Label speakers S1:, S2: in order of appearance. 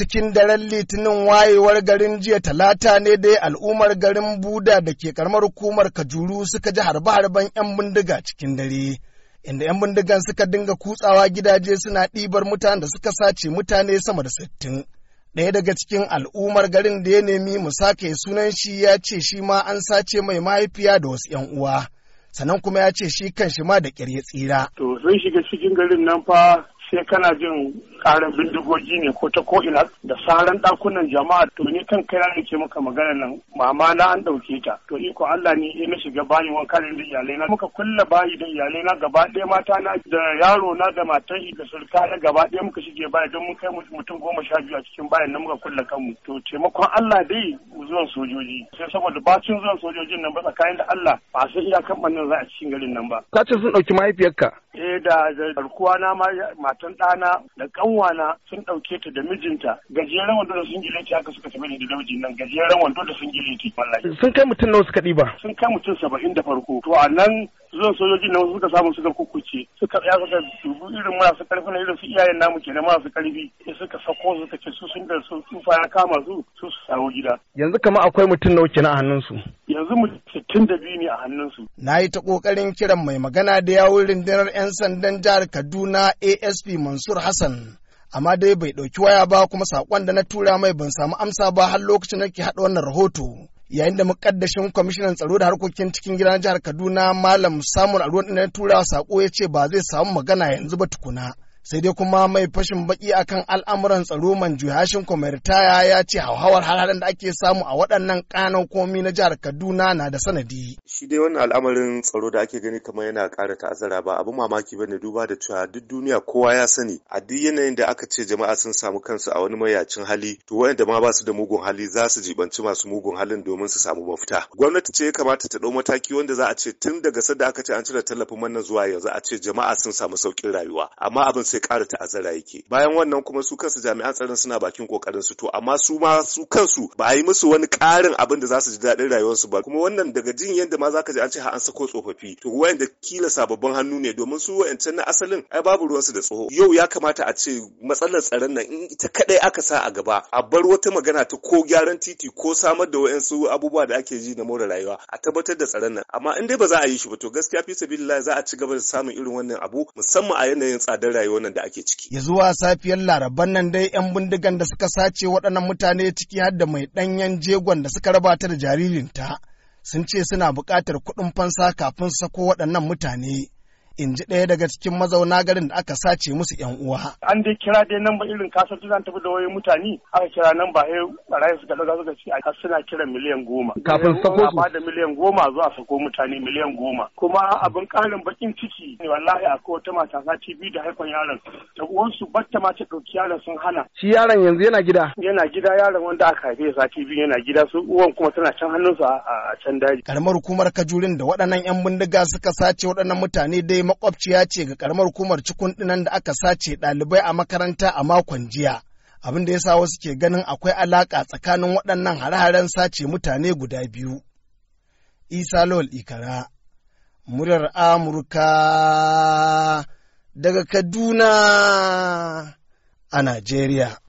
S1: cikin daren litinin wayewar garin jiya talata ne dai al'ummar garin buda da ke karamar hukumar kajuru suka ji harbe-harben 'yan bindiga cikin dare inda 'yan bindigan suka dinga kutsawa gidaje suna ɗibar mutane da suka sace mutane sama da sittin ɗaya daga cikin al'ummar garin da ya nemi musake sunan shi ya ce shi ma an sace mai mahaifiya da wasu 'yan uwa sannan kuma ya ce shi kan shi ma da ƙyar ya tsira.
S2: to sun shiga cikin garin nan fa sai kana jin karin bindigogi ne ko ta ko'ina da saran ɗakunan jama'a to ni kan kai ne ke maka magana nan mama na an ɗauke ta to iko Allah ne ya shiga bayin wanka da iyalai na muka kulla bayi da iyalai na gaba ɗaya mata na da yaro na da matan da sulka na gaba ɗaya muka shige baya don mun kai mutum goma sha biyu a cikin bayan nan muka kulla kanmu to taimakon Allah dai zuwan sojoji sai saboda bacin zuwan sojojin nan ba tsakanin da Allah ba sai iyakan bannan za a cikin garin nan ba
S1: ka ce sun dauki mahaifiyarka
S2: eh da garkuwa na ma matan ɗana da ƙanwana sun ɗauke ta da mijinta gajeren wando da sun gileti haka suka tafi da namijin nan gajeren wando da sun gileti wallahi sun kai mutum nawa suka ɗiba sun kai mutum saba'in da farko to a nan zuwan sojojin nan suka samu suka kukkuce suka ya suka dubu irin marasu karfi na irin su iyayen namu ke na marasu karfi sai suka sako suka ce su sun da su tufa ya kama su su su sawo gida
S1: yanzu kama akwai mutum nawa kenan a hannun su yanzu mu sittin da biyu ne a hannunsu. Na yi ta ƙoƙarin kiran mai magana da yawun rundunar 'yan sandan jihar Kaduna ASP Mansur Hassan. Amma dai bai ɗauki waya ba kuma saƙon da na tura mai ban samu amsa ba har lokacin na ke haɗa wannan rahoto. Yayin da muƙaddashin kwamishinan tsaro da harkokin cikin gidan jihar Kaduna Malam Samun Aruwan na tura saƙo ya ce ba zai samu magana yanzu ba tukuna. sai dai kuma mai fashin baki akan al'amuran tsaro man juyashin komertaya ya ce hauhawar har da ake samu a waɗannan kanan komi na jihar kaduna na da sanadi
S3: shi dai wannan al'amarin tsaro da ake gani kamar yana ƙara ta'azzara ba abin mamaki bane duba da cewa duk duniya kowa ya sani a duk yanayin da aka ce jama'a sun samu kansu a wani mayacin hali to waɗanda ma ba su da mugun hali za su jibanci masu mugun halin domin su samu mafita gwamnati ce ya kamata ta ɗau mataki wanda za a ce tun daga sadda aka ce an cire tallafin wannan zuwa yanzu a ce jama'a sun samu sauƙin rayuwa amma abin sai ƙara ta'azzara yake bayan wannan kuma su kansu jami'an tsaron suna bakin kokarin su to amma su ma su kansu ba a yi musu wani ƙarin abin da za su ji daɗin rayuwarsu ba kuma wannan daga jin yadda ma ka ji an ce ha an sako tsofaffi to wayanda kila sababbin hannu ne domin su wayancan na asalin ai babu ruwan su da tsoho yau ya kamata a ce matsalar tsaron nan in ita kadai aka sa a gaba a bar wata magana ta ko gyaran titi ko samar da wayansu abubuwa da ake ji na more rayuwa a tabbatar da tsaron nan amma in dai ba za a yi shi ba to gaskiya fi sabilillah za a ci gaba da samun irin wannan abu musamman a yanayin tsadar rayuwa da ake ciki.
S1: Ya zuwa safiyar laraban nan dai 'yan bindigan da suka sace waɗannan mutane ciki har da mai ɗanyen jegon da suka raba ta da jaririnta sun ce suna buƙatar kuɗin fansa kafin su sako waɗannan mutane. in ji ɗaya daga cikin mazauna garin da aka sace musu yan uwa.
S2: An dai kira dai nan ba irin kasar an tafi da wayoyin mutane aka kira nan ba sai barayi suka ɗaga suka ce a suna kira miliyan goma. Kafin sako su. da miliyan goma zuwa sako mutane miliyan goma. Kuma abin ƙarin baƙin ciki ne wallahi akwai wata mata sati biyu da haifan yaron. Da uwansu batta ma ta ɗauki yaron sun hana.
S1: Shi yaron yanzu yana
S2: gida. Yana gida yaron wanda aka haife sati biyu yana gida su uwan kuma tana can hannun hannunsa a can daji.
S1: Karamar hukumar Kajurin da waɗannan 'yan bindiga suka sace waɗannan mutane dai makwabciya ce ga karamar hukumar cikun dinan da aka sace ɗalibai a makaranta a makon jiya. Abin da ya sa wasu ke ganin akwai alaƙa tsakanin waɗannan hare-haren sace mutane guda biyu. Isa Lawal Ikara, murar Amurka daga Kaduna a Najeriya.